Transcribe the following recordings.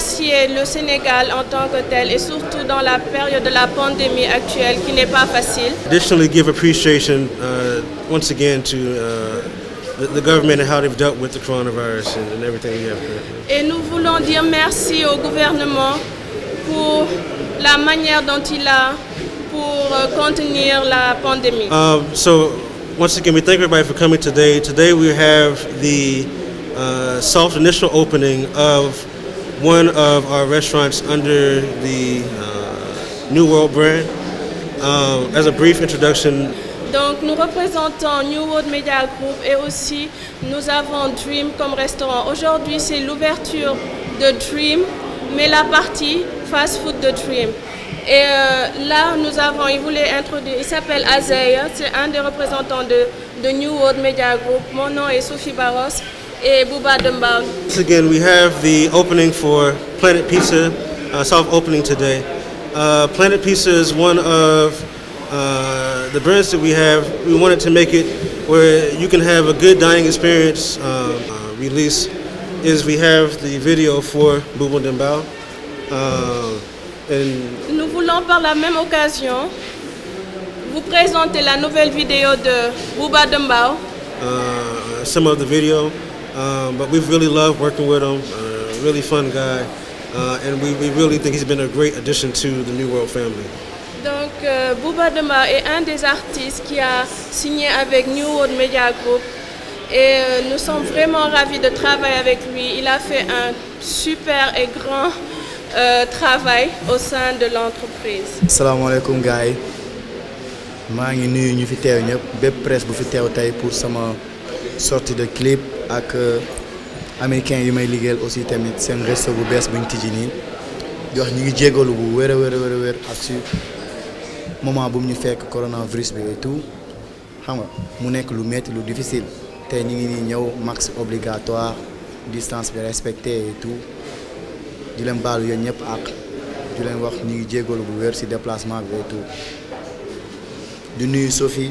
remercier le Sénégal en tant que tel et surtout dans la période de la pandémie actuelle qui n'est pas facile. Additionally, give appreciation uh, once again to uh, the, government and how they've dealt with the coronavirus and, and everything we have. Et nous voulons dire merci au gouvernement pour la manière dont il a pour euh, contenir la pandémie. Um, so once again, we thank everybody for coming today. Today we have the uh, soft initial opening of one of our restaurants under the uh, New World um, as a brief introduction, Donc nous représentons New World Media Group et aussi nous avons Dream comme restaurant. Aujourd'hui c'est l'ouverture de Dream, mais la partie fast food de Dream. Et euh, là nous avons, il voulait introduire, il s'appelle Azeya, c'est un des représentants de, de New World Media Group. Mon nom est Sophie Barros. Eh, Once again, we have the opening for Planet Pizza, uh, soft opening today. Uh, Planet Pizza is one of uh, the brands that we have. We wanted to make it where you can have a good dining experience. Uh, uh release is we have the video for Bubu Dimbao. Uh, and Nous voulons par la même occasion vous présenter la nouvelle vidéo de Bouba Dembao. Uh, some of the video. Mais um, but avons really aimé working with him. Uh, really fun guy. Uh, and we, we really think he's been a great addition to the New World family. Donc, euh, Bouba Dema est un des artistes qui a signé avec New World Media Group et euh, nous sommes vraiment ravis de travailler avec lui. Il a fait un super et grand euh, travail au sein de l'entreprise. Salam alaikum, Guy. Je suis venu à la presse pour sortir de ak euh, américain yu may aussi tamit un resto bu buñ di wax ngi bu ak moment coronavirus et tout xam nga mu lu difficile max obligatoire distance bi respecté et tout di leen baalu ñëpp ak déplacement et tout Sophie.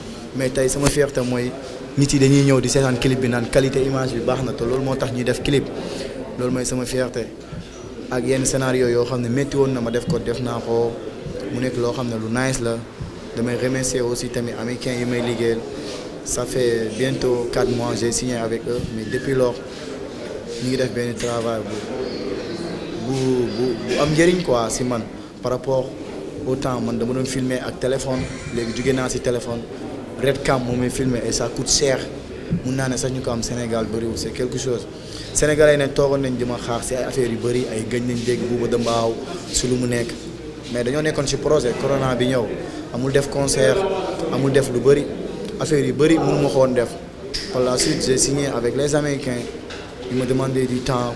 mais je sama fierté moi Je suis dañuy ñëw di qualité image bi baax na de clip Je suis fier de scénario fier de ne Je suis fier ma def ko def fier mu Je suis fier lu nice la remercier aussi mes américains et may ça fait bientôt quatre mois j'ai signé avec eux mais depuis lors nous def travail bu bu quoi par rapport au temps man dama doon filmer ak téléphone suis suis de si téléphone Red Camp moo may filmer et ça coûte cher mun naa ne sax ñu ko am Sénégal bëriwul c'est quelque chose sénégalais nag toogoon nañ di ma xaar si ay affaires yu bëri ay gëj nañ dégg buuba dëmbaaw si lu mu nekk mais dañoo nekkoon si projet corona bi ñëw amul def concert amul def lu bëri affaire de bëri mun ma xoon def par la suite j'ai signé avec les américains ils me demandaient du temps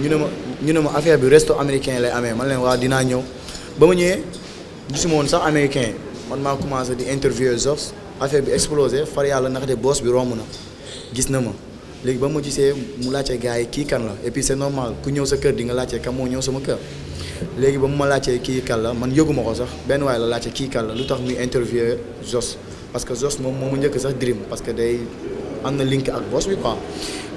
ñu ne ma ñu ne ma affaire bi resto américain lay amee man leen waa dinaa ñëw ba ma ñëwee gisuma woon sax américain man maa commencé di interviewer Zos affaire bi explosé far yàlla naxate boss bi romb na gis na ma léegi ba ma gisee mu laajte gars yi kii kan la et puis c'est ku ñëw sa kër di nga laajte kan moo ñëw sama kër léegi ba ma laajtee kii kan la man yëguma ko sax benn waaye la laajte kii kan la lu tax muy interviewer Zos parce que Zos moom moo ma njëkk sax dream parce que day am na link ak bos bi quoi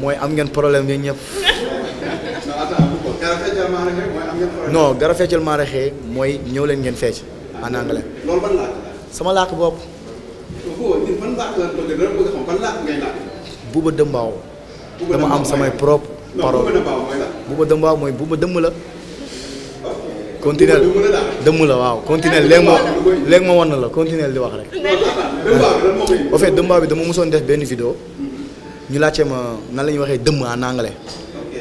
mooy am ngeen problème yéen ñëpp. no gara feccal maa rexee mooy ñëw leen ngeen fecc en anglais. loolu ban làkk sama làkk bopp. buuba dëmbaaw dama am samay propre parole buuba dëmbaaw mooy buuba dëmm la. continuer dëmm la waaw continuer léegi ma léegi ma wan na la continuer di wax rek. en fait dëmbaaw bi dama mësoon def benn vidéo. ñu laajte ma nan lañ waxé waxee dëmm en anglais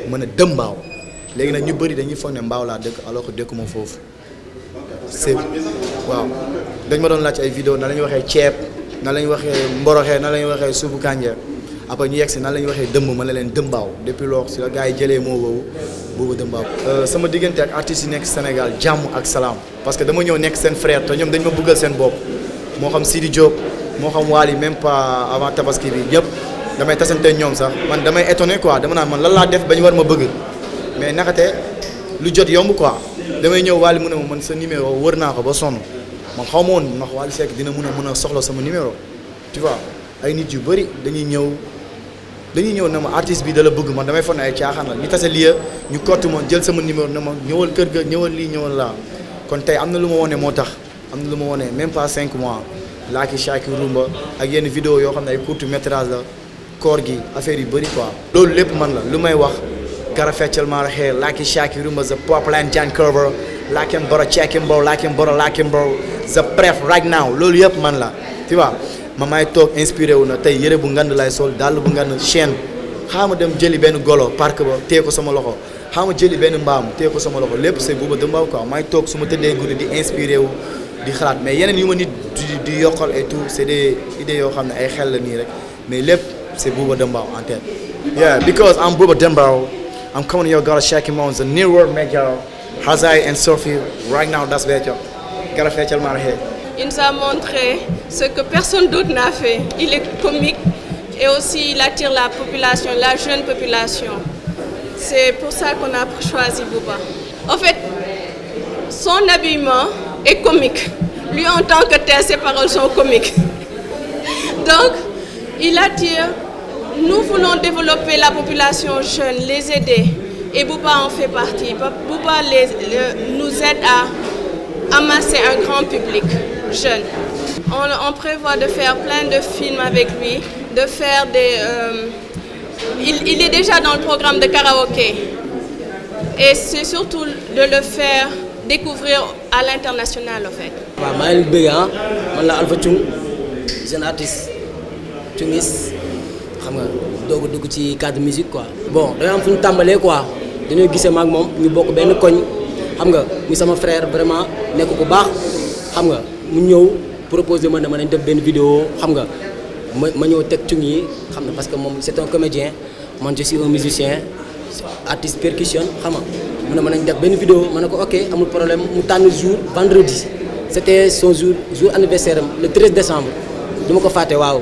ma ne dëm mbaaw léegi nag ñu bëri dañuy foog mbaaw la dëkk alors que dëkkuma foofu c' est waaw dañ ma doon laaj ay vidéo nan lañ waxé ciép nan lañ waxé mboroxé nan lañ waxé waxee suufu après ñu yexsi nan lañ waxé waxee dëmb ma ne leen dëmbaaw depuis loolu ci la gaay gars yi jëlee moo boobu baaw euh sama digënté ak artiste yi nekk Sénégal jamm ak salam parce que dama ñëw nekk sen frère té ñom dañ ma bëggal sen bop mo xam Sidi Diop mo xam wali même pas avant tabaski bi yépp damay tasante ñoom sax man damay étonné quoi dama naan man lan laa def ba ñu war ma bëgg mais naxate lu jot yomb quoi damay ñëw Wally mu ne ma man sa numéro wër naa ko ba sonn man xaw ma woon ndax Wally Seck dina mun a mun a soxla sama numéro tu ay nit yu bëri dañuy ñëw dañuy ñëw ma artiste bi dala bëgg man damay foog ne ay caaxaan la ñu tase lii ñu kott ma jël sama numéro na ma ñëwal kër ga ñëwal lii ñëwal laa kon tey am na lu ma wone moo tax am na lu ma wone même pas cinq mois laaki chaaki rumba ak yenn vidéo yoo xam ne ay court métrage koor gi affaire yu bëri quoi. loolu lépp man la lu may wax gara feccal maa la xee laaki shaaki rumba the popline jan cover laakin boro ceekin boro laakin boro laakin boro pref right now loolu yëpp man la tu vois ma may toog inspiré wu na tey yëre bu ngand lay sol dàll bu ngand chaîne xaama dem jëli benn golo parc ba téye ko sama loxo xaama jëli benn mbaam téye ko sama loxo lépp c'est Bouba Deumbaw quoi may toog su ma tëddee guddi di inspiré di xalaat mais yeneen yu ma nit di yokkal et tout c'est des yoo xam ne ay xel la nii rek C'est Bouba Dembao en tête. Yeah, because I'm Bouba Dembao. I'm coming to your girl Shaki Mons, the new world major, Hazai and Sophie. Right now, that's better. tu as le marché. Il nous a montré ce que personne d'autre n'a fait. Il est comique et aussi il attire la population, la jeune population. C'est pour ça qu'on a choisi Bouba. En fait, son habillement est comique. Lui en tant que tel, ses paroles sont comiques. Donc, il attire nous voulons développer la population jeune, les aider. Et Bouba en fait partie. Bouba nous aide à amasser un grand public jeune. On, prévoit de faire plein de films avec lui, de faire des... Euh, il, est déjà dans le programme de karaoké. Et c'est surtout de le faire découvrir à l'international, en fait. Je suis un artiste xam nga doog a dugg ci cadre musique quoi. bon dañoo am fu ñu quoi dañoo gisee maak moom ñu bokk benn koñ xam nga muy sama frère vraiment nekk ku baax xam nga mu ñëw proposé ma ne ma nañ def benn vidéo xam nga ma ma ñëw teg yi xam nga parce que moom c'est un comédien man je suis un musicien artiste percussion xam nga mu ne ma nañ def benn vidéo ma ne ko ok amul problème mu tànn jour vendredi c'était son jour jour anniversaire le 13 décembre du ma ko fàtte waaw.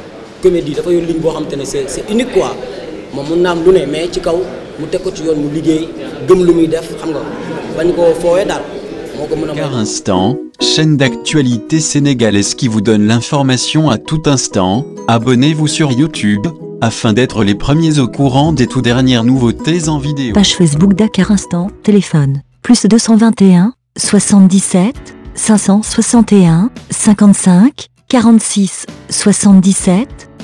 c'est unique quoi chaîne d'actualité sénégalaise qui vous donne l'information à tout instant, abonnez-vous sur YouTube afin d'être les premiers au courant des tout dernières nouveautés en vidéo. Page Facebook Dakar Instant, téléphone, 221, 77, 561, 55, 46, 77,